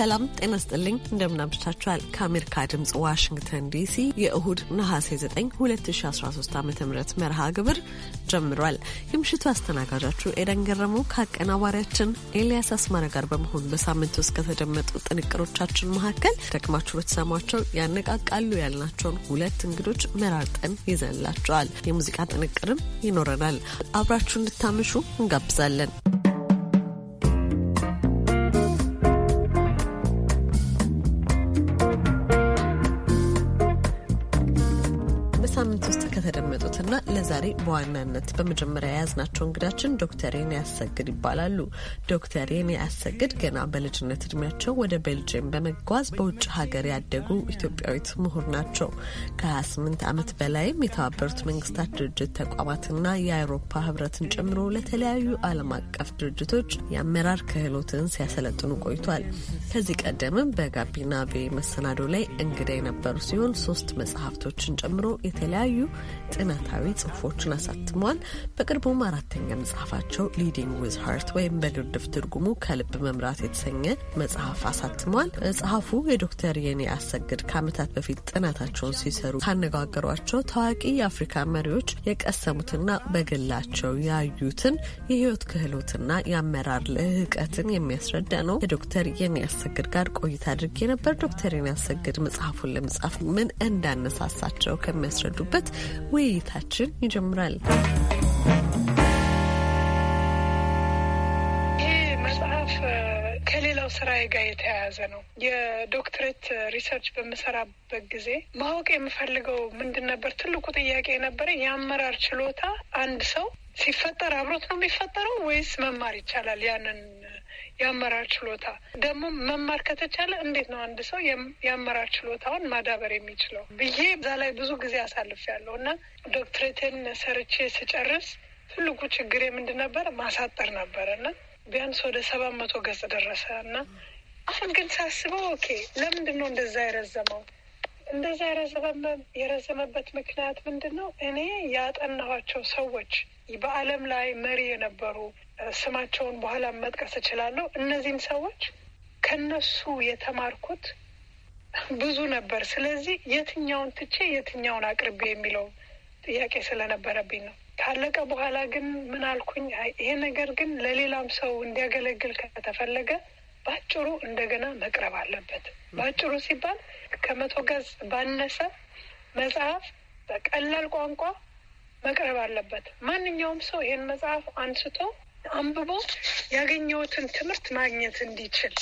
ሰላም ጤና ስጥልኝ፣ እንደምናምሽታችኋል። ከአሜሪካ ድምፅ ዋሽንግተን ዲሲ የእሁድ ነሐሴ 9 2013 ዓ ም መርሃ ግብር ጀምሯል። የምሽቱ አስተናጋጃችሁ ኤደን ገረመው ከአቀናባሪያችን ኤልያስ አስማረ ጋር በመሆን በሳምንት ውስጥ ከተደመጡ ጥንቅሮቻችን መካከል ደቅማችሁ በተሰማቸው ያነቃቃሉ ያልናቸውን ሁለት እንግዶች መራርጠን ይዘንላቸዋል። የሙዚቃ ጥንቅርም ይኖረናል። አብራችሁ እንድታምሹ እንጋብዛለን። በዋናነት በመጀመሪያ የያዝናቸው እንግዳችን ዶክተር የኔ ያሰግድ ይባላሉ። ዶክተር የኔ ያሰግድ ገና በልጅነት እድሜያቸው ወደ ቤልጅየም በመጓዝ በውጭ ሀገር ያደጉ ኢትዮጵያዊት ምሁር ናቸው። ከ28 ዓመት በላይም የተባበሩት መንግስታት ድርጅት ተቋማትና የአውሮፓ ህብረትን ጨምሮ ለተለያዩ ዓለም አቀፍ ድርጅቶች የአመራር ክህሎትን ሲያሰለጥኑ ቆይቷል። ከዚህ ቀደምም በጋቢና ቤ መሰናዶ ላይ እንግዳ የነበሩ ሲሆን ሶስት መጽሐፍቶችን ጨምሮ የተለያዩ ጥናታዊ ጽሁፎችን አሳትመዋል። በቅርቡም አራተኛ መጽሐፋቸው ሊዲንግ ዊዝ ሀርት ወይም በድርድፍ ትርጉሙ ከልብ መምራት የተሰኘ መጽሐፍ አሳትመዋል። መጽሐፉ የዶክተር የኔ አሰግድ ከዓመታት በፊት ጥናታቸውን ሲሰሩ ካነጋገሯቸው ታዋቂ የአፍሪካ መሪዎች የቀሰሙትና በግላቸው ያዩትን የህይወት ክህሎትና የአመራር ልህቀትን የሚያስረዳ ነው። የዶክተር የኔ አሰግድ ጋር ቆይታ አድርጌ ነበር። ዶክተር የኔ አሰግድ መጽሐፉን ለመጻፍ ምን እንዳነሳሳቸው ከሚያስረዱበት ውይይታችን ይጀምራል። ከሌላው ስራዬ ጋር የተያያዘ ነው። የዶክትሬት ሪሰርች በምሰራበት ጊዜ ማወቅ የምፈልገው ምንድን ነበር? ትልቁ ጥያቄ የነበረ የአመራር ችሎታ አንድ ሰው ሲፈጠር አብሮት ነው የሚፈጠረው ወይስ መማር ይቻላል? ያንን የአመራር ችሎታ ደግሞ መማር ከተቻለ እንዴት ነው አንድ ሰው የአመራር ችሎታውን ማዳበር የሚችለው ብዬ እዛ ላይ ብዙ ጊዜ አሳልፍ ያለው እና ዶክትሬትን ሰርቼ ስጨርስ ትልቁ ችግር የምንድን ነበረ? ማሳጠር ነበረ እና ቢያንስ ወደ ሰባት መቶ ገጽ ደረሰ እና አሁን ግን ሳስበው ኦኬ ለምንድን ነው እንደዛ የረዘመው? እንደዛ የረዘመበት ምክንያት ምንድን ነው? እኔ ያጠናኋቸው ሰዎች በአለም ላይ መሪ የነበሩ ስማቸውን በኋላ መጥቀስ እችላለሁ። እነዚህን ሰዎች ከነሱ የተማርኩት ብዙ ነበር። ስለዚህ የትኛውን ትቼ የትኛውን አቅርቤ የሚለው ጥያቄ ስለነበረብኝ ነው። ካለቀ በኋላ ግን ምን አልኩኝ፣ ይሄ ነገር ግን ለሌላም ሰው እንዲያገለግል ከተፈለገ በአጭሩ እንደገና መቅረብ አለበት። በአጭሩ ሲባል ከመቶ ገጽ ባነሰ መጽሐፍ በቀላል ቋንቋ መቅረብ አለበት። ማንኛውም ሰው ይሄን መጽሐፍ አንስቶ አንብቦ ያገኘሁትን ትምህርት ማግኘት እንዲችል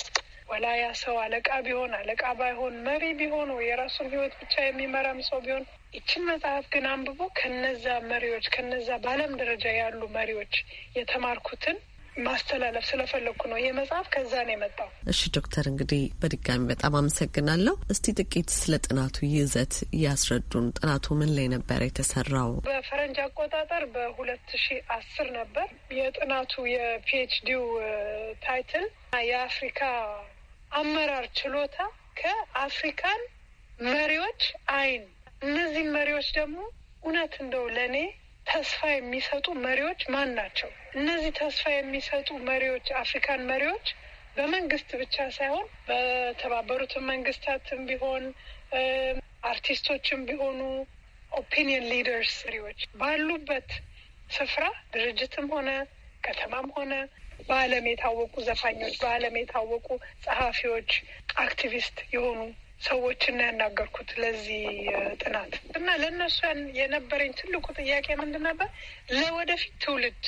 ወላያ ሰው አለቃ ቢሆን አለቃ ባይሆን መሪ ቢሆን ወይ የራሱን ህይወት ብቻ የሚመራም ሰው ቢሆን ይችን መጽሐፍ ግን አንብቦ ከነዛ መሪዎች ከነዛ በዓለም ደረጃ ያሉ መሪዎች የተማርኩትን ማስተላለፍ ስለፈለግኩ ነው። ይህ መጽሐፍ ከዛ ነው የመጣው። እሺ ዶክተር፣ እንግዲህ በድጋሚ በጣም አመሰግናለሁ። እስቲ ጥቂት ስለ ጥናቱ ይዘት ያስረዱን። ጥናቱ ምን ላይ ነበር የተሰራው? በፈረንጅ አቆጣጠር በሁለት ሺ አስር ነበር የጥናቱ የፒኤችዲው ታይትል የአፍሪካ አመራር ችሎታ ከአፍሪካን መሪዎች አይን እነዚህ መሪዎች ደግሞ እውነት እንደው ለእኔ ተስፋ የሚሰጡ መሪዎች ማን ናቸው? እነዚህ ተስፋ የሚሰጡ መሪዎች አፍሪካን መሪዎች በመንግስት ብቻ ሳይሆን በተባበሩትን መንግስታትም ቢሆን አርቲስቶችም ቢሆኑ ኦፒኒየን ሊደርስ መሪዎች ባሉበት ስፍራ ድርጅትም ሆነ ከተማም ሆነ በዓለም የታወቁ ዘፋኞች፣ በዓለም የታወቁ ጸሐፊዎች፣ አክቲቪስት የሆኑ ሰዎችን ያናገርኩት ለዚህ ጥናት እና ለእነሱ የነበረኝ ትልቁ ጥያቄ ምንድን ነበር? ለወደፊት ትውልድ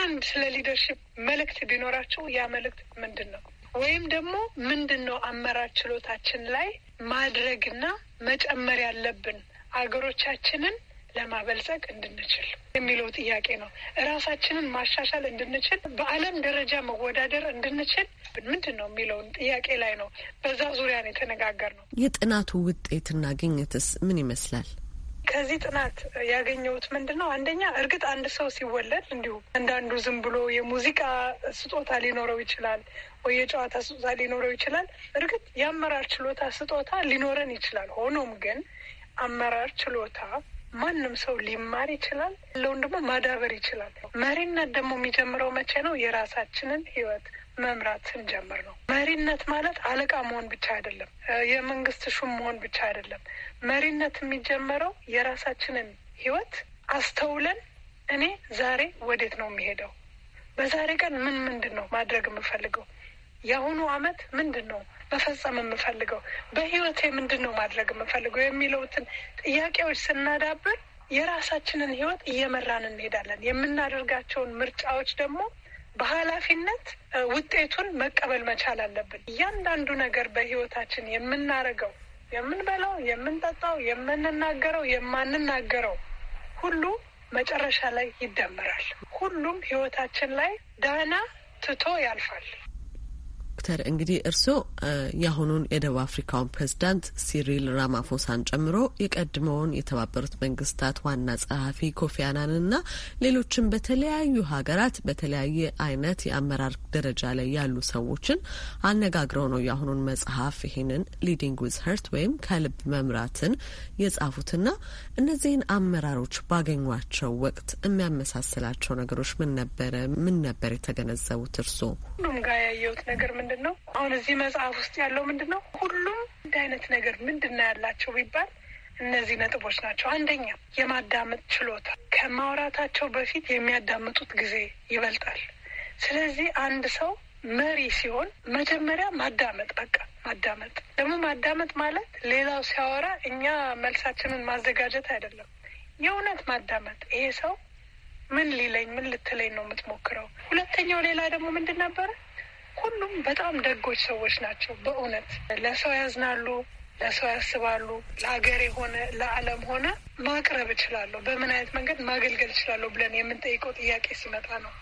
አንድ ስለ ሊደርሽፕ መልእክት ቢኖራቸው ያ መልእክት ምንድን ነው? ወይም ደግሞ ምንድን ነው አመራር ችሎታችን ላይ ማድረግና መጨመር ያለብን አገሮቻችንን ለማበልጸግ እንድንችል የሚለው ጥያቄ ነው። እራሳችንን ማሻሻል እንድንችል በዓለም ደረጃ መወዳደር እንድንችል ምንድን ነው የሚለውን ጥያቄ ላይ ነው። በዛ ዙሪያ ነው የተነጋገር ነው። የጥናቱ ውጤትና ግኝትስ ምን ይመስላል? ከዚህ ጥናት ያገኘሁት ምንድን ነው? አንደኛ እርግጥ አንድ ሰው ሲወለድ እንዲሁ አንዳንዱ ዝም ብሎ የሙዚቃ ስጦታ ሊኖረው ይችላል፣ ወይ የጨዋታ ስጦታ ሊኖረው ይችላል። እርግጥ የአመራር ችሎታ ስጦታ ሊኖረን ይችላል። ሆኖም ግን አመራር ችሎታ ማንም ሰው ሊማር ይችላል፣ ያለውን ደግሞ ማዳበር ይችላል። መሪነት ደግሞ የሚጀምረው መቼ ነው? የራሳችንን ህይወት መምራት ስንጀምር ነው። መሪነት ማለት አለቃ መሆን ብቻ አይደለም፣ የመንግስት ሹም መሆን ብቻ አይደለም። መሪነት የሚጀመረው የራሳችንን ህይወት አስተውለን እኔ ዛሬ ወዴት ነው የሚሄደው፣ በዛሬ ቀን ምን ምንድን ነው ማድረግ የምፈልገው የአሁኑ አመት ምንድን ነው መፈጸም የምፈልገው በህይወቴ ምንድን ነው ማድረግ የምፈልገው የሚለውትን ጥያቄዎች ስናዳብር የራሳችንን ህይወት እየመራን እንሄዳለን። የምናደርጋቸውን ምርጫዎች ደግሞ በኃላፊነት ውጤቱን መቀበል መቻል አለብን። እያንዳንዱ ነገር በህይወታችን የምናደርገው የምንበላው፣ የምንጠጣው፣ የምንናገረው፣ የማንናገረው ሁሉ መጨረሻ ላይ ይደመራል። ሁሉም ህይወታችን ላይ ዳና ትቶ ያልፋል። ዶክተር እንግዲህ እርስዎ የአሁኑን የደቡብ አፍሪካውን ፕሬዚዳንት ሲሪል ራማፎሳን ጨምሮ የቀድሞውን የተባበሩት መንግስታት ዋና ጸሐፊ ኮፊ አናንና ሌሎችን በተለያዩ ሀገራት በተለያየ አይነት የአመራር ደረጃ ላይ ያሉ ሰዎችን አነጋግረው ነው የአሁኑን መጽሐፍ ይህንን ሊዲንግ ዊዝ ሀርት ወይም ከልብ መምራትን የጻፉትና እነዚህን አመራሮች ባገኟቸው ወቅት የሚያመሳስላቸው ነገሮች ምን ነበረ? ምን ነበር የተገነዘቡት እርስዎ? ሁሉም ጋር ያየሁት ነገር ምን ምንድን ነው አሁን እዚህ መጽሐፍ ውስጥ ያለው ምንድን ነው? ሁሉም አንድ አይነት ነገር ምንድን ነው ያላቸው ቢባል እነዚህ ነጥቦች ናቸው። አንደኛ የማዳመጥ ችሎታ፣ ከማውራታቸው በፊት የሚያዳምጡት ጊዜ ይበልጣል። ስለዚህ አንድ ሰው መሪ ሲሆን መጀመሪያ ማዳመጥ፣ በቃ ማዳመጥ። ደግሞ ማዳመጥ ማለት ሌላው ሲያወራ እኛ መልሳችንን ማዘጋጀት አይደለም፣ የእውነት ማዳመጥ። ይሄ ሰው ምን ሊለኝ ምን ልትለኝ ነው የምትሞክረው? ሁለተኛው ሌላ ደግሞ ምንድን ነበረ? ሁሉም በጣም ደጎች ሰዎች ናቸው። በእውነት ለሰው ያዝናሉ፣ ለሰው ያስባሉ። ለሀገር የሆነ ለዓለም ሆነ ማቅረብ እችላለሁ፣ በምን አይነት መንገድ ማገልገል እችላለሁ ብለን የምንጠይቀው ጥያቄ ሲመጣ ነው።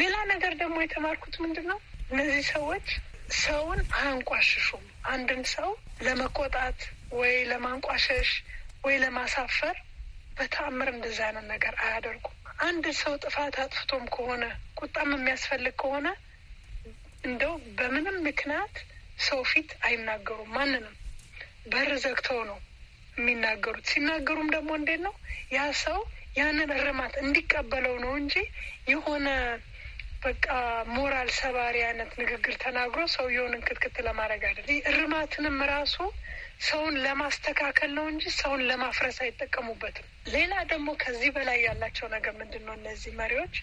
ሌላ ነገር ደግሞ የተማርኩት ምንድን ነው እነዚህ ሰዎች ሰውን አያንቋሽሹም። አንድን ሰው ለመቆጣት ወይ ለማንቋሸሽ ወይ ለማሳፈር በተአምር እንደዚህ አይነት ነገር አያደርጉም። አንድ ሰው ጥፋት አጥፍቶም ከሆነ ቁጣም የሚያስፈልግ ከሆነ እንደው በምንም ምክንያት ሰው ፊት አይናገሩም። ማንንም በር ዘግተው ነው የሚናገሩት። ሲናገሩም ደግሞ እንዴት ነው ያ ሰው ያንን እርማት እንዲቀበለው ነው እንጂ የሆነ በቃ ሞራል ሰባሪ አይነት ንግግር ተናግሮ ሰውየውን እንክትክት ለማድረግ አይደለም። እርማትንም ራሱ ሰውን ለማስተካከል ነው እንጂ ሰውን ለማፍረስ አይጠቀሙበትም። ሌላ ደግሞ ከዚህ በላይ ያላቸው ነገር ምንድን ነው? እነዚህ መሪዎች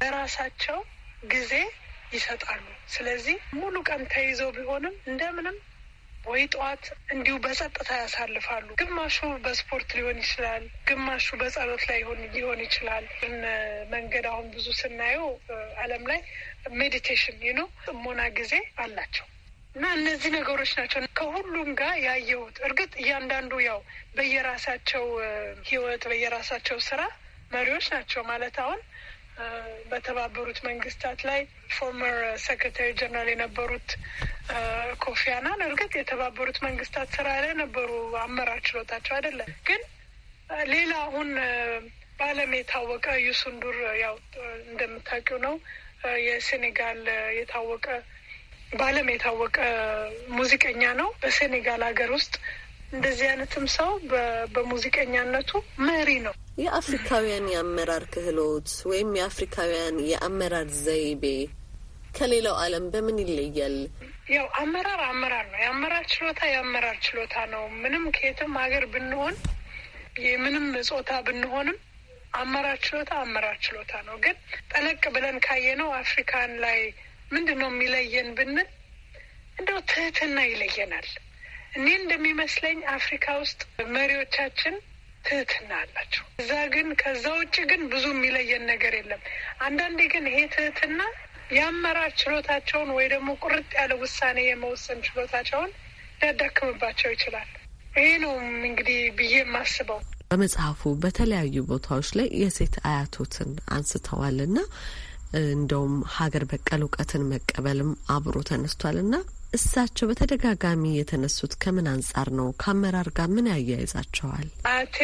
በራሳቸው ጊዜ ይሰጣሉ። ስለዚህ ሙሉ ቀን ተይዘው ቢሆንም እንደምንም ወይ ጠዋት እንዲሁ በጸጥታ ያሳልፋሉ። ግማሹ በስፖርት ሊሆን ይችላል፣ ግማሹ በጸሎት ላይ ሊሆን ይችላል። መንገድ አሁን ብዙ ስናየው ዓለም ላይ ሜዲቴሽን ነው ጥሞና ጊዜ አላቸው እና እነዚህ ነገሮች ናቸው ከሁሉም ጋር ያየሁት። እርግጥ እያንዳንዱ ያው በየራሳቸው ህይወት በየራሳቸው ስራ መሪዎች ናቸው ማለት አሁን በተባበሩት መንግስታት ላይ ፎርመር ሴክሬታሪ ጀነራል የነበሩት uh, ኮፊ አናን እርግጥ የተባበሩት መንግስታት ስራ ላይ ነበሩ። አመራር ችሎታቸው አይደለም ግን uh, ሌላ አሁን uh, በዓለም የታወቀ ዩሱንዱር ያው እንደምታውቂው ነው የሴኔጋል የታወቀ በዓለም የታወቀ ሙዚቀኛ ነው። በሴኔጋል ሀገር ውስጥ እንደዚህ አይነትም ሰው በሙዚቀኛነቱ መሪ ነው። የአፍሪካውያን የአመራር ክህሎት ወይም የአፍሪካውያን የአመራር ዘይቤ ከሌላው ዓለም በምን ይለያል? ያው አመራር አመራር ነው። የአመራር ችሎታ የአመራር ችሎታ ነው። ምንም ከየትም ሀገር ብንሆን የምንም እጾታ ብንሆንም አመራር ችሎታ አመራር ችሎታ ነው። ግን ጠለቅ ብለን ካየነው አፍሪካን ላይ ምንድን ነው የሚለየን ብንል እንደው ትህትና ይለየናል። እኔ እንደሚመስለኝ አፍሪካ ውስጥ መሪዎቻችን ትህትና አላቸው። እዛ ግን ከዛ ውጭ ግን ብዙ የሚለየን ነገር የለም። አንዳንዴ ግን ይሄ ትህትና የአመራር ችሎታቸውን ወይ ደግሞ ቁርጥ ያለ ውሳኔ የመወሰን ችሎታቸውን ሊያዳክምባቸው ይችላል። ይሄ ነው እንግዲህ ብዬ የማስበው። በመጽሐፉ በተለያዩ ቦታዎች ላይ የሴት አያቶትን አንስተዋልና እንደውም ሀገር በቀል እውቀትን መቀበልም አብሮ ተነስቷል ና እሳቸው በተደጋጋሚ የተነሱት ከምን አንጻር ነው? ከአመራር ጋር ምን ያያይዛቸዋል? አያቴ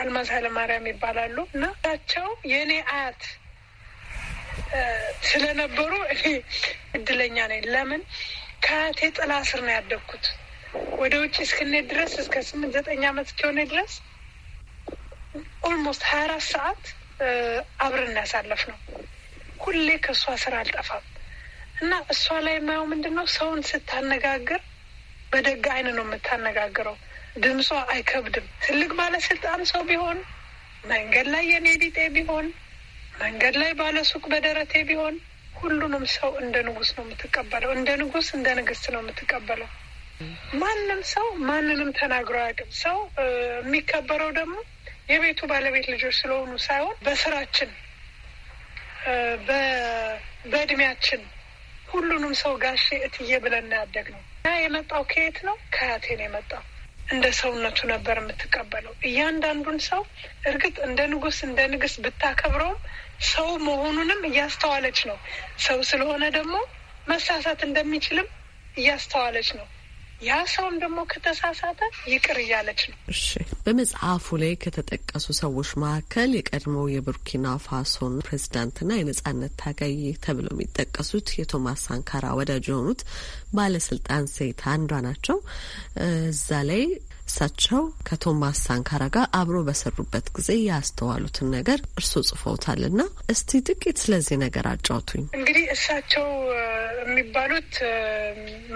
አልማዝ ኃይለማርያም ይባላሉ እና እሳቸው የእኔ አያት ስለነበሩ እኔ እድለኛ ነኝ። ለምን ከአያቴ ጥላ ስር ነው ያደግኩት። ወደ ውጭ እስክኔ ድረስ እስከ ስምንት ዘጠኝ ዓመት እስኪሆነ ድረስ ኦልሞስት ሀያ አራት ሰዓት አብረን ያሳለፍ ነው። ሁሌ ከእሷ ስራ አልጠፋም። እና እሷ ላይ የማየው ምንድን ነው ሰውን ስታነጋግር በደግ አይን ነው የምታነጋግረው። ድምጿ አይከብድም። ትልቅ ባለስልጣን ሰው ቢሆን መንገድ ላይ የኔ ቢጤ ቢሆን መንገድ ላይ ባለሱቅ በደረቴ ቢሆን ሁሉንም ሰው እንደ ንጉስ ነው የምትቀበለው። እንደ ንጉስ እንደ ንግስት ነው የምትቀበለው። ማንም ሰው ማንንም ተናግሮ አያውቅም። ሰው የሚከበረው ደግሞ የቤቱ ባለቤት ልጆች ስለሆኑ ሳይሆን በስራችን፣ በእድሜያችን፣ ሁሉንም ሰው ጋሼ እትዬ ብለን ነው ያደግነው። ያ የመጣው ከየት ነው? ከአያቴ ነው የመጣው። እንደ ሰውነቱ ነበር የምትቀበለው እያንዳንዱን ሰው። እርግጥ እንደ ንጉስ እንደ ንግስት ብታከብረውም ሰው መሆኑንም እያስተዋለች ነው። ሰው ስለሆነ ደግሞ መሳሳት እንደሚችልም እያስተዋለች ነው። ያ ሰውም ደግሞ ከተሳሳተ ይቅር እያለች ነው። እሺ፣ በመጽሐፉ ላይ ከተጠቀሱ ሰዎች መካከል የቀድሞው የቡርኪና ፋሶን ፕሬዚዳንትና የነጻነት ታጋይ ተብለው የሚጠቀሱት የቶማስ ሳንካራ ወዳጅ የሆኑት ባለስልጣን ሴት አንዷ ናቸው። እዛ ላይ እሳቸው ከቶማስ ሳንካራ ጋር አብሮ በሰሩበት ጊዜ ያስተዋሉትን ነገር ጽፈውታል እና እስቲ ጥቂት ስለዚህ ነገር አጫውቱኝ። እንግዲህ እሳቸው የሚባሉት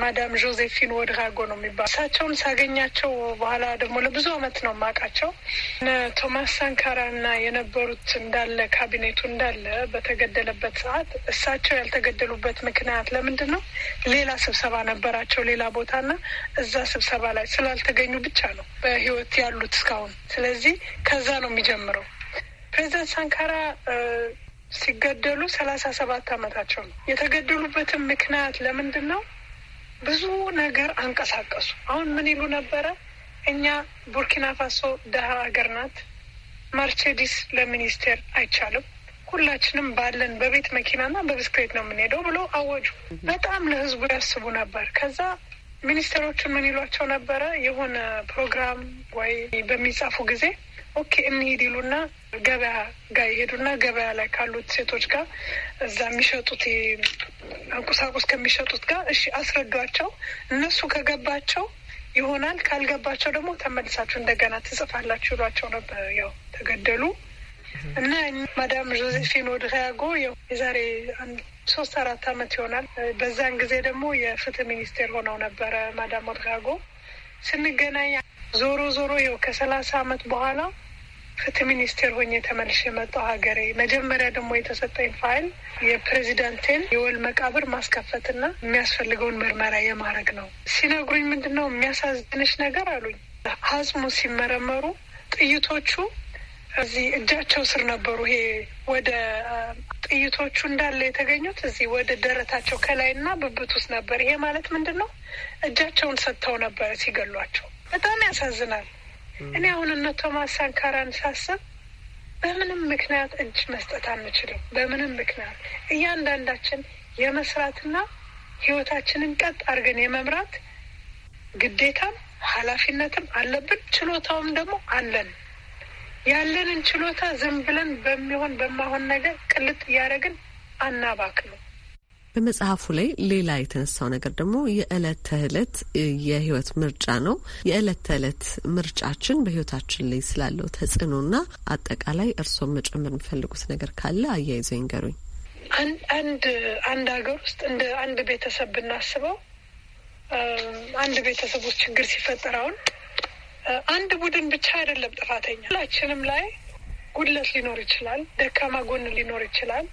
ማዳም ጆዜፊን ወድሃጎ ነው የሚባሉ እሳቸውን ሳገኛቸው በኋላ ደግሞ ለብዙ አመት ነው ማቃቸው። ቶማስ ሳንካራ እና የነበሩት እንዳለ ካቢኔቱ እንዳለ በተገደለበት ሰዓት እሳቸው ያልተገደሉበት ምክንያት ለምንድን ነው? ሌላ ስብሰባ ነበራቸው ሌላ ቦታና እዛ ስብሰባ ላይ ስላልተገኙ ብቻ ነው በህይወት ያሉት እስካሁን። ስለዚህ ከዛ ነው የሚጀምረው። ፕሬዚደንት ሳንካራ ሲገደሉ ሰላሳ ሰባት አመታቸው ነው። የተገደሉበትን ምክንያት ለምንድን ነው? ብዙ ነገር አንቀሳቀሱ። አሁን ምን ይሉ ነበረ? እኛ ቡርኪና ፋሶ ደሀ ሀገር ናት። መርቼዲስ ለሚኒስቴር አይቻልም ሁላችንም ባለን በቤት መኪናና በብስክሌት ነው የምንሄደው ብሎ አወጁ። በጣም ለህዝቡ ያስቡ ነበር። ከዛ ሚኒስትሮቹን ምን ይሏቸው ነበረ? የሆነ ፕሮግራም ወይ በሚጻፉ ጊዜ ኦኬ እንሂድ ይሉና ገበያ ጋር ይሄዱና ገበያ ላይ ካሉት ሴቶች ጋር እዛ የሚሸጡት ቁሳቁስ ከሚሸጡት ጋር እሺ አስረዷቸው። እነሱ ከገባቸው ይሆናል፣ ካልገባቸው ደግሞ ተመልሳችሁ እንደገና ትጽፋላችሁ ይሏቸው ነበር። ያው ተገደሉ። እና ማዳም ዦዜፊን ወድሪያጎ የዛሬ ሶስት አራት አመት ይሆናል። በዛን ጊዜ ደግሞ የፍትህ ሚኒስቴር ሆነው ነበረ ማዳም ወድሪያጎ። ስንገናኝ ዞሮ ዞሮ ይኸው ከሰላሳ አመት በኋላ ፍትህ ሚኒስቴር ሆኜ ተመልሼ የመጣው ሀገሬ። መጀመሪያ ደግሞ የተሰጠኝ ፋይል የፕሬዚዳንቴን የወል መቃብር ማስከፈትና የሚያስፈልገውን ምርመራ የማድረግ ነው። ሲነግሩኝ ምንድን ነው የሚያሳዝንሽ ነገር አሉኝ። አጽሙ ሲመረመሩ ጥይቶቹ እዚህ እጃቸው ስር ነበሩ። ይሄ ወደ ጥይቶቹ እንዳለ የተገኙት እዚህ ወደ ደረታቸው ከላይና ብብት ውስጥ ነበር። ይሄ ማለት ምንድን ነው? እጃቸውን ሰጥተው ነበር ሲገሏቸው። በጣም ያሳዝናል። እኔ አሁን እነ ቶማስ ሳንካራን ሳስብ በምንም ምክንያት እጅ መስጠት አንችልም። በምንም ምክንያት እያንዳንዳችን የመስራትና ህይወታችንን ቀጥ አድርገን የመምራት ግዴታም ኃላፊነትም አለብን። ችሎታውም ደግሞ አለን። ያለንን ችሎታ ዝም ብለን በሚሆን በማሆን ነገር ቅልጥ እያደረግን አናባክ ነው። በመጽሐፉ ላይ ሌላ የተነሳው ነገር ደግሞ የእለት ተእለት የህይወት ምርጫ ነው። የእለት ተእለት ምርጫችን በህይወታችን ላይ ስላለው ተጽዕኖና አጠቃላይ እርስዎም መጨመር የሚፈልጉት ነገር ካለ አያይዘው ይንገሩኝ። አንድ አንድ ሀገር ውስጥ እንደ አንድ ቤተሰብ ብናስበው አንድ ቤተሰብ ውስጥ ችግር ሲፈጠር አሁን አንድ ቡድን ብቻ አይደለም ጥፋተኛ። ሁላችንም ላይ ጉድለት ሊኖር ይችላል፣ ደካማ ጎን ሊኖር ይችላል፣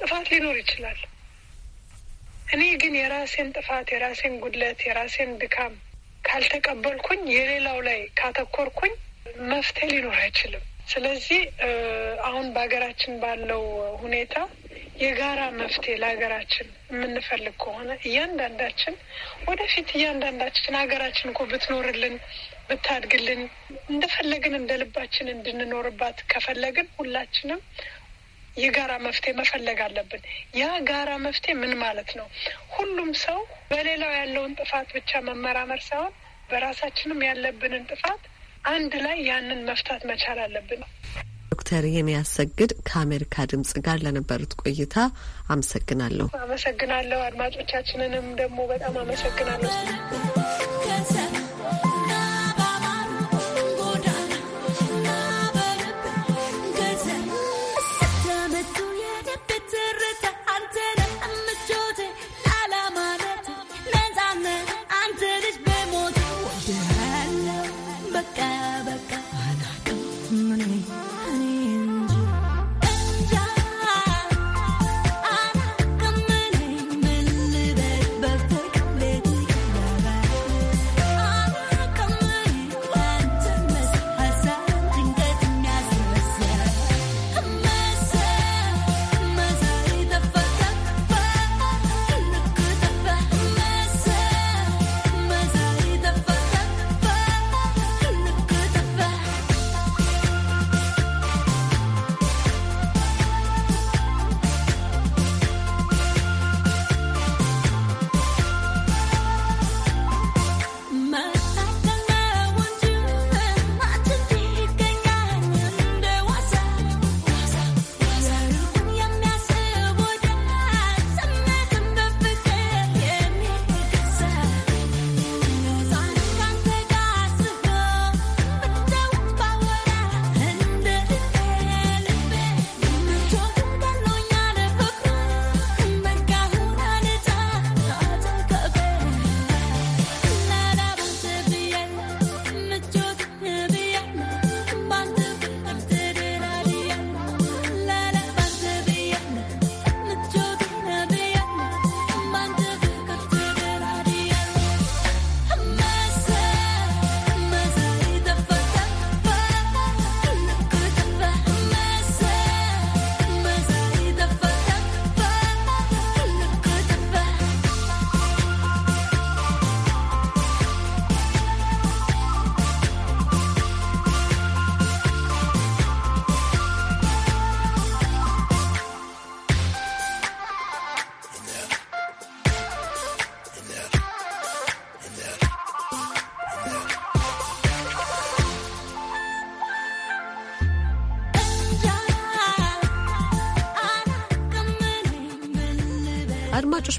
ጥፋት ሊኖር ይችላል። እኔ ግን የራሴን ጥፋት፣ የራሴን ጉድለት፣ የራሴን ድካም ካልተቀበልኩኝ የሌላው ላይ ካተኮርኩኝ መፍትሄ ሊኖር አይችልም። ስለዚህ አሁን በሀገራችን ባለው ሁኔታ የጋራ መፍትሄ ለሀገራችን የምንፈልግ ከሆነ እያንዳንዳችን ወደፊት እያንዳንዳችን ሀገራችን እኮ ብትኖርልን ብታድግልን እንደፈለግን እንደ ልባችን እንድንኖርባት ከፈለግን ሁላችንም የጋራ መፍትሄ መፈለግ አለብን። ያ ጋራ መፍትሄ ምን ማለት ነው? ሁሉም ሰው በሌላው ያለውን ጥፋት ብቻ መመራመር ሳይሆን በራሳችንም ያለብንን ጥፋት አንድ ላይ ያንን መፍታት መቻል አለብን። ዶክተር የሚያሰግድ ከአሜሪካ ድምጽ ጋር ለነበሩት ቆይታ አመሰግናለሁ። አመሰግናለሁ። አድማጮቻችንንም ደግሞ በጣም አመሰግናለሁ።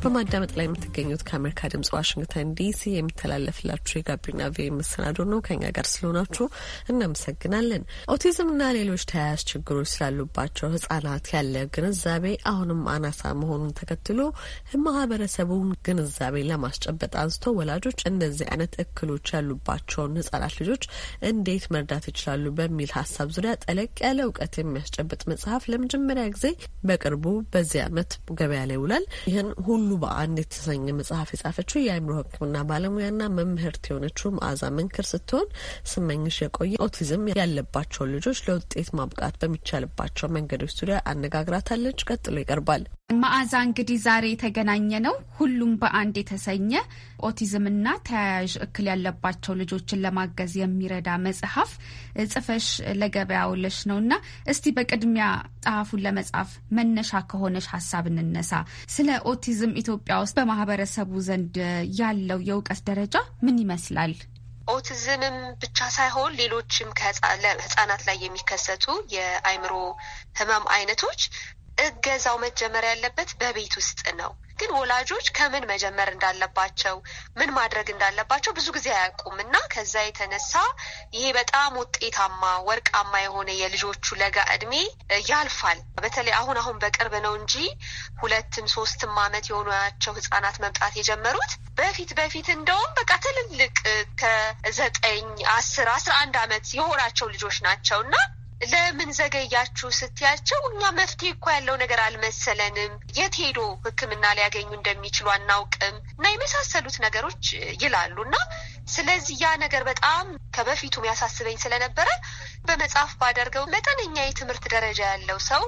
በማዳመጥ ላይ የምትገኙት ከአሜሪካ ድምጽ ዋሽንግተን ዲሲ የሚተላለፍላችሁ የጋቢና ቪ መሰናዶ ነው። ከኛ ጋር ስለሆናችሁ እናመሰግናለን። ኦቲዝምና ሌሎች ተያያዥ ችግሮች ስላሉባቸው ህጻናት ያለ ግንዛቤ አሁንም አናሳ መሆኑን ተከትሎ ማህበረሰቡን ግንዛቤ ለማስጨበጥ አንስቶ ወላጆች እንደዚህ አይነት እክሎች ያሉባቸውን ህጻናት ልጆች እንዴት መርዳት ይችላሉ በሚል ሀሳብ ዙሪያ ጠለቅ ያለ እውቀት የሚያስጨብጥ መጽሐፍ ለመጀመሪያ ጊዜ በቅርቡ በዚህ አመት ገበያ ላይ ይውላል። ይህን ሁሉ በአንድ የተሰኘ መጽሐፍ መጽሐፍ የጻፈችው የአእምሮ ሕክምና ባለሙያና መምህርት የሆነችው መዓዛ መንክር ስትሆን ስመኝሽ የቆየ ኦቲዝም ያለባቸውን ልጆች ለውጤት ማብቃት በሚቻልባቸው መንገዶች ዙሪያ አነጋግራታለች። ቀጥሎ ይቀርባል። መዓዛ እንግዲህ ዛሬ የተገናኘ ነው ሁሉም በአንድ የተሰኘ ኦቲዝምና ተያያዥ እክል ያለባቸው ልጆችን ለማገዝ የሚረዳ መጽሐፍ ጽፈሽ ለገበያ ውለሽ ነው እና እስቲ በቅድሚያ ጸሐፉን ለመጻፍ መነሻ ከሆነሽ ሀሳብ እንነሳ። ስለ ኦቲዝም ኢትዮጵያ ውስጥ በማህበረሰቡ ዘንድ ያለው የእውቀት ደረጃ ምን ይመስላል? ኦቲዝምም ብቻ ሳይሆን ሌሎችም ከህጻናት ላይ የሚከሰቱ የአይምሮ ህመም አይነቶች እገዛው መጀመር ያለበት በቤት ውስጥ ነው። ግን ወላጆች ከምን መጀመር እንዳለባቸው ምን ማድረግ እንዳለባቸው ብዙ ጊዜ አያውቁም እና ከዛ የተነሳ ይሄ በጣም ውጤታማ ወርቃማ የሆነ የልጆቹ ለጋ እድሜ ያልፋል። በተለይ አሁን አሁን በቅርብ ነው እንጂ ሁለትም ሶስትም ዓመት የሆኗቸው ህጻናት መምጣት የጀመሩት በፊት በፊት እንደውም በቃ ትልልቅ ከዘጠኝ አስር አስራ አንድ ዓመት የሆናቸው ልጆች ናቸው እና ለምን ዘገያችሁ ስትያቸው እኛ መፍትሄ እኮ ያለው ነገር አልመሰለንም፣ የት ሄዶ ሕክምና ሊያገኙ እንደሚችሉ አናውቅም እና የመሳሰሉት ነገሮች ይላሉ እና ስለዚህ ያ ነገር በጣም ከበፊቱ ያሳስበኝ ስለነበረ በመጽሐፍ ባደርገው መጠነኛ የትምህርት ደረጃ ያለው ሰው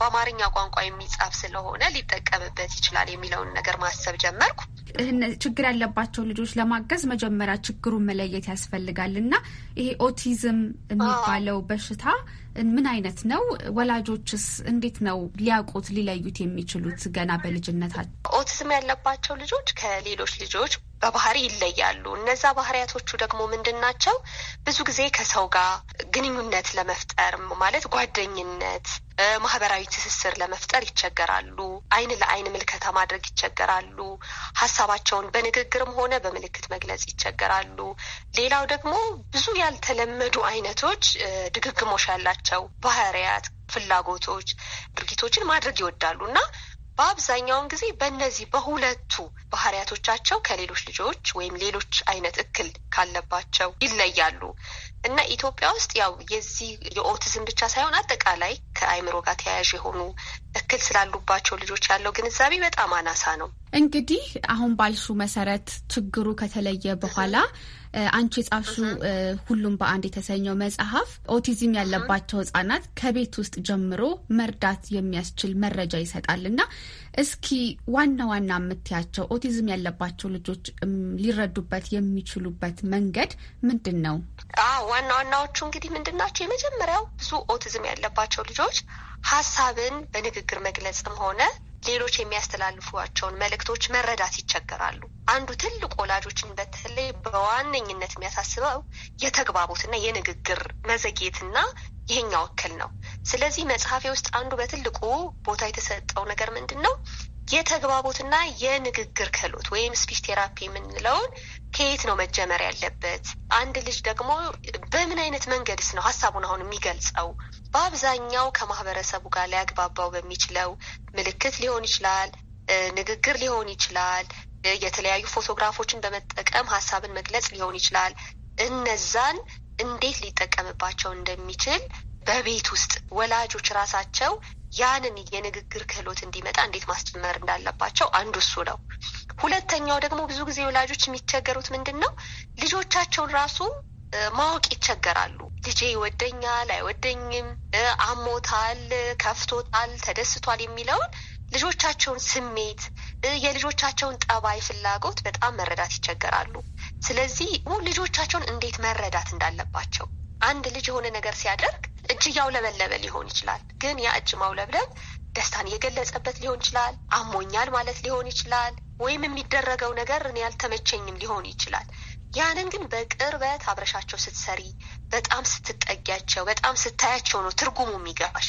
በአማርኛ ቋንቋ የሚጻፍ ስለሆነ ሊጠቀምበት ይችላል የሚለውን ነገር ማሰብ ጀመርኩ። ችግር ያለባቸው ልጆች ለማገዝ መጀመሪያ ችግሩን መለየት ያስፈልጋል እና ይሄ ኦቲዝም የሚባለው በሽታ ምን አይነት ነው? ወላጆችስ እንዴት ነው ሊያውቁት ሊለዩት የሚችሉት ገና በልጅነታቸው? ኦቲዝም ያለባቸው ልጆች ከሌሎች ልጆች በባህሪ ይለያሉ። እነዛ ባህሪያቶቹ ደግሞ ምንድን ናቸው? ብዙ ጊዜ ከሰው ጋር ግንኙነት ለመፍጠር ማለት ጓደኝነት፣ ማህበራዊ ትስስር ለመፍጠር ይቸገራሉ። አይን ለአይን ምልከታ ማድረግ ይቸገራሉ። ሀሳባቸውን በንግግርም ሆነ በምልክት መግለጽ ይቸገራሉ። ሌላው ደግሞ ብዙ ያልተለመዱ አይነቶች ድግግሞሽ ያላቸው ባህሪያት፣ ፍላጎቶች፣ ድርጊቶችን ማድረግ ይወዳሉ እና በአብዛኛውን ጊዜ በእነዚህ በሁለቱ ባህሪያቶቻቸው ከሌሎች ልጆች ወይም ሌሎች አይነት እክል ካለባቸው ይለያሉ። እና ኢትዮጵያ ውስጥ ያው የዚህ የኦቲዝም ብቻ ሳይሆን አጠቃላይ ከአይምሮ ጋር ተያያዥ የሆኑ እክል ስላሉባቸው ልጆች ያለው ግንዛቤ በጣም አናሳ ነው። እንግዲህ አሁን ባልሹ መሰረት ችግሩ ከተለየ በኋላ አንቺ የጻፍሹ ሁሉም በአንድ የተሰኘው መጽሐፍ ኦቲዝም ያለባቸው ህጻናት ከቤት ውስጥ ጀምሮ መርዳት የሚያስችል መረጃ ይሰጣል እና እስኪ ዋና ዋና የምትያቸው ኦቲዝም ያለባቸው ልጆች ሊረዱበት የሚችሉበት መንገድ ምንድን ነው? ዋና ዋናዎቹ እንግዲህ ምንድን ናቸው? የመጀመሪያው ብዙ ኦቲዝም ያለባቸው ልጆች ሀሳብን በንግግር መግለጽም ሆነ ሌሎች የሚያስተላልፏቸውን መልእክቶች መረዳት ይቸገራሉ። አንዱ ትልቅ ወላጆችን በተለይ በዋነኝነት የሚያሳስበው የተግባቦትና የንግግር መዘግየትና ይሄኛው እክል ነው። ስለዚህ መጽሐፌ ውስጥ አንዱ በትልቁ ቦታ የተሰጠው ነገር ምንድን ነው? የተግባቦትና የንግግር ክህሎት ወይም ስፒች ቴራፒ የምንለውን ከየት ነው መጀመር ያለበት? አንድ ልጅ ደግሞ በምን አይነት መንገድስ ነው ሀሳቡን አሁን የሚገልጸው? በአብዛኛው ከማህበረሰቡ ጋር ሊያግባባው በሚችለው ምልክት ሊሆን ይችላል፣ ንግግር ሊሆን ይችላል፣ የተለያዩ ፎቶግራፎችን በመጠቀም ሀሳብን መግለጽ ሊሆን ይችላል። እነዛን እንዴት ሊጠቀምባቸው እንደሚችል በቤት ውስጥ ወላጆች ራሳቸው ያንን የንግግር ክህሎት እንዲመጣ እንዴት ማስጀመር እንዳለባቸው አንዱ እሱ ነው። ሁለተኛው ደግሞ ብዙ ጊዜ ወላጆች የሚቸገሩት ምንድን ነው፣ ልጆቻቸውን ራሱ ማወቅ ይቸገራሉ። ልጄ ይወደኛል አይወደኝም፣ አሞታል፣ ከፍቶታል፣ ተደስቷል የሚለውን ልጆቻቸውን ስሜት የልጆቻቸውን ጠባይ፣ ፍላጎት በጣም መረዳት ይቸገራሉ። ስለዚህ ልጆቻቸውን እንዴት መረዳት እንዳለባቸው አንድ ልጅ የሆነ ነገር ሲያደርግ እጅ እያውለበለበ ሊሆን ይችላል። ግን ያ እጅ ማውለብለብ ደስታን የገለጸበት ሊሆን ይችላል። አሞኛል ማለት ሊሆን ይችላል። ወይም የሚደረገው ነገር እኔ ያልተመቸኝም ሊሆን ይችላል። ያንን ግን በቅርበት አብረሻቸው ስትሰሪ፣ በጣም ስትጠጊያቸው፣ በጣም ስታያቸው ነው ትርጉሙ የሚገባሽ።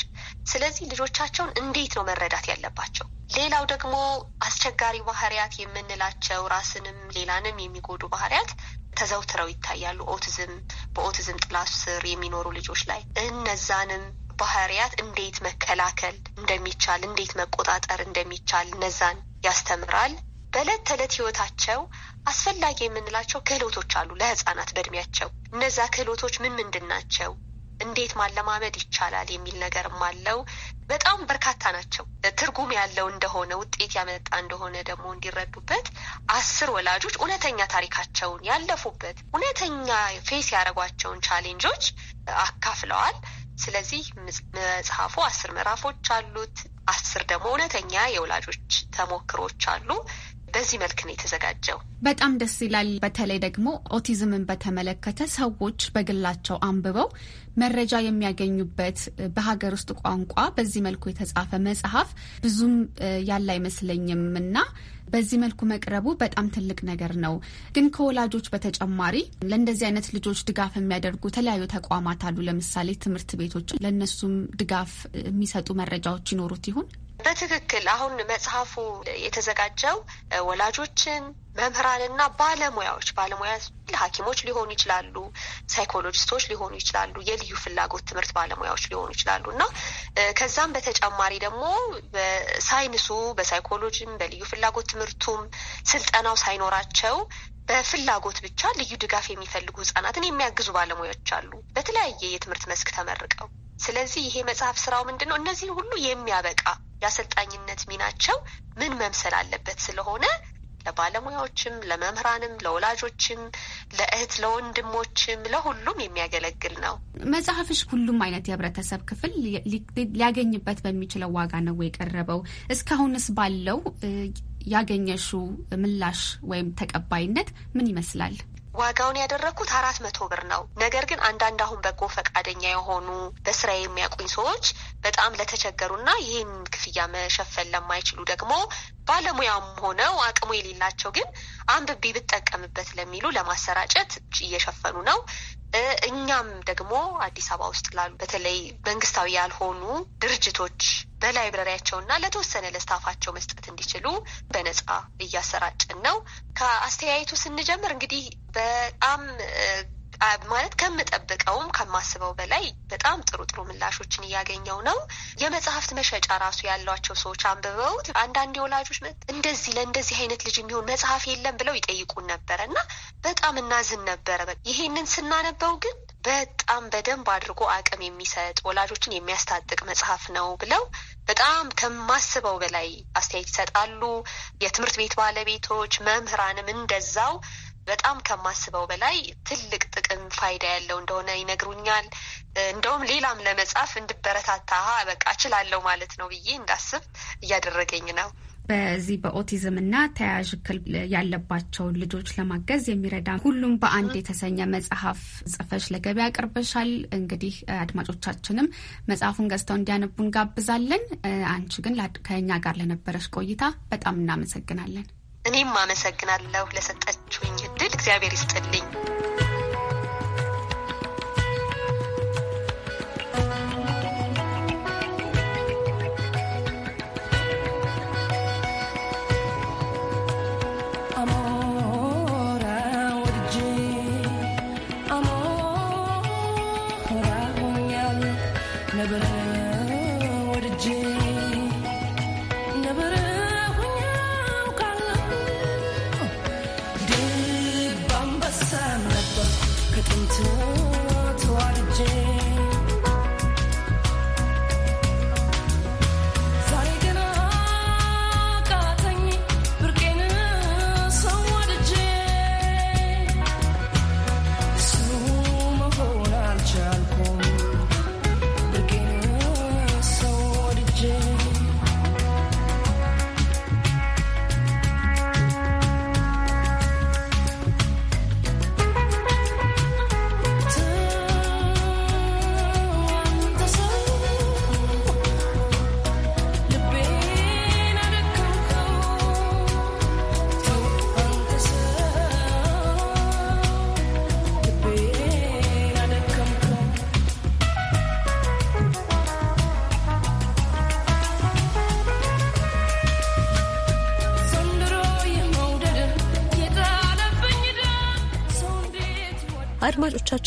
ስለዚህ ልጆቻቸውን እንዴት ነው መረዳት ያለባቸው? ሌላው ደግሞ አስቸጋሪ ባህሪያት የምንላቸው ራስንም ሌላንም የሚጎዱ ባህሪያት ተዘውትረው ይታያሉ። ኦቲዝም በኦቲዝም ጥላ ስር የሚኖሩ ልጆች ላይ እነዛንም ባህሪያት እንዴት መከላከል እንደሚቻል፣ እንዴት መቆጣጠር እንደሚቻል እነዛን ያስተምራል። በዕለት ተዕለት ህይወታቸው አስፈላጊ የምንላቸው ክህሎቶች አሉ። ለህጻናት በእድሜያቸው እነዛ ክህሎቶች ምን ምንድን ናቸው? እንዴት ማለማመድ ይቻላል የሚል ነገርም አለው። በጣም በርካታ ናቸው። ትርጉም ያለው እንደሆነ ውጤት ያመጣ እንደሆነ ደግሞ እንዲረዱበት አስር ወላጆች እውነተኛ ታሪካቸውን ያለፉበት እውነተኛ ፌስ ያደረጓቸውን ቻሌንጆች አካፍለዋል። ስለዚህ መጽሐፉ አስር ምዕራፎች አሉት። አስር ደግሞ እውነተኛ የወላጆች ተሞክሮች አሉ። በዚህ መልክ ነው የተዘጋጀው። በጣም ደስ ይላል። በተለይ ደግሞ ኦቲዝምን በተመለከተ ሰዎች በግላቸው አንብበው መረጃ የሚያገኙበት በሀገር ውስጥ ቋንቋ በዚህ መልኩ የተጻፈ መጽሐፍ ብዙም ያለ አይመስለኝም እና በዚህ መልኩ መቅረቡ በጣም ትልቅ ነገር ነው። ግን ከወላጆች በተጨማሪ ለእንደዚህ አይነት ልጆች ድጋፍ የሚያደርጉ የተለያዩ ተቋማት አሉ። ለምሳሌ ትምህርት ቤቶች ለእነሱም ድጋፍ የሚሰጡ መረጃዎች ይኖሩት ይሆን? በትክክል አሁን መጽሐፉ የተዘጋጀው ወላጆችን መምህራንና ባለሙያዎች ባለሙያ ሐኪሞች ሊሆኑ ይችላሉ፣ ሳይኮሎጂስቶች ሊሆኑ ይችላሉ፣ የልዩ ፍላጎት ትምህርት ባለሙያዎች ሊሆኑ ይችላሉ እና ከዛም በተጨማሪ ደግሞ በሳይንሱ በሳይኮሎጂም በልዩ ፍላጎት ትምህርቱም ስልጠናው ሳይኖራቸው በፍላጎት ብቻ ልዩ ድጋፍ የሚፈልጉ ህጻናትን የሚያግዙ ባለሙያዎች አሉ በተለያየ የትምህርት መስክ ተመርቀው። ስለዚህ ይሄ መጽሐፍ ስራው ምንድን ነው? እነዚህን ሁሉ የሚያበቃ የአሰልጣኝነት ሚናቸው ምን መምሰል አለበት ስለሆነ ለባለሙያዎችም፣ ለመምህራንም፣ ለወላጆችም፣ ለእህት ለወንድሞችም፣ ለሁሉም የሚያገለግል ነው። መጽሐፍሽ ሁሉም አይነት የህብረተሰብ ክፍል ሊያገኝበት በሚችለው ዋጋ ነው የቀረበው። እስካሁንስ ባለው ያገኘሽው ምላሽ ወይም ተቀባይነት ምን ይመስላል? ዋጋውን ያደረግኩት አራት መቶ ብር ነው። ነገር ግን አንዳንድ አሁን በጎ ፈቃደኛ የሆኑ በስራ የሚያውቁኝ ሰዎች በጣም ለተቸገሩና ይህን ክፍያ መሸፈን ለማይችሉ ደግሞ ባለሙያም ሆነው አቅሙ የሌላቸው ግን አንብቤ ብጠቀምበት ለሚሉ ለማሰራጨት እየሸፈኑ ነው። እኛም ደግሞ አዲስ አበባ ውስጥ ላሉ በተለይ መንግስታዊ ያልሆኑ ድርጅቶች በላይብረሪያቸውና ለተወሰነ ለስታፋቸው መስጠት እንዲችሉ በነጻ እያሰራጭን ነው። ከአስተያየቱ ስንጀምር እንግዲህ በጣም ማለት ከምጠብ ከማስበው በላይ በጣም ጥሩ ጥሩ ምላሾችን እያገኘው ነው። የመጽሐፍት መሸጫ ራሱ ያሏቸው ሰዎች አንብበውት አንዳንድ የወላጆች እንደዚህ ለእንደዚህ አይነት ልጅ የሚሆን መጽሐፍ የለም ብለው ይጠይቁን ነበረ እና በጣም እናዝን ነበረ። ይሄንን ስናነበው ግን በጣም በደንብ አድርጎ አቅም የሚሰጥ ወላጆችን የሚያስታጥቅ መጽሐፍ ነው ብለው በጣም ከማስበው በላይ አስተያየት ይሰጣሉ። የትምህርት ቤት ባለቤቶች መምህራንም እንደዛው በጣም ከማስበው በላይ ትልቅ ጥቅም ፋይዳ ያለው እንደሆነ ይነግሩኛል። እንደውም ሌላም ለመጻፍ እንድበረታታ በቃ እችላለሁ ማለት ነው ብዬ እንዳስብ እያደረገኝ ነው። በዚህ በኦቲዝም እና ተያያዥ እክል ያለባቸውን ልጆች ለማገዝ የሚረዳ ሁሉም በአንድ የተሰኘ መጽሐፍ ጽፈሽ ለገበያ አቅርበሻል። እንግዲህ አድማጮቻችንም መጽሐፉን ገዝተው እንዲያነቡ እንጋብዛለን። አንቺ ግን ከኛ ጋር ለነበረሽ ቆይታ በጣም እናመሰግናለን። እኔም አመሰግናለሁ ለሰጠችውኝ እድል። እግዚአብሔር ይስጥልኝ።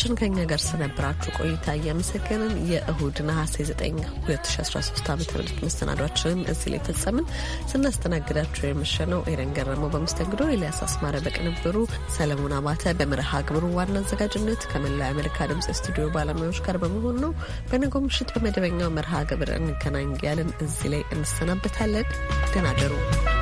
አድማጮቻችን ከኛ ጋር ስነበራችሁ ቆይታ እያመሰገንን የእሁድ ነሐሴ 9 2013 ዓ ም መሰናዷችንን እዚህ ላይ ፈጸምን። ስናስተናግዳችሁ የምሸነው ኤደን ገረመው በመስተንግዶ፣ ኤልያስ አስማረ በቅንብሩ፣ ሰለሞን አባተ በመርሃ ግብሩ ዋና አዘጋጅነት ከመላው የአሜሪካ ድምፅ ስቱዲዮ ባለሙያዎች ጋር በመሆን ነው። በነገው ምሽት በመደበኛው መርሃ ግብር እንገናኝ ያልን እዚህ ላይ እንሰናበታለን። ደህና እደሩ።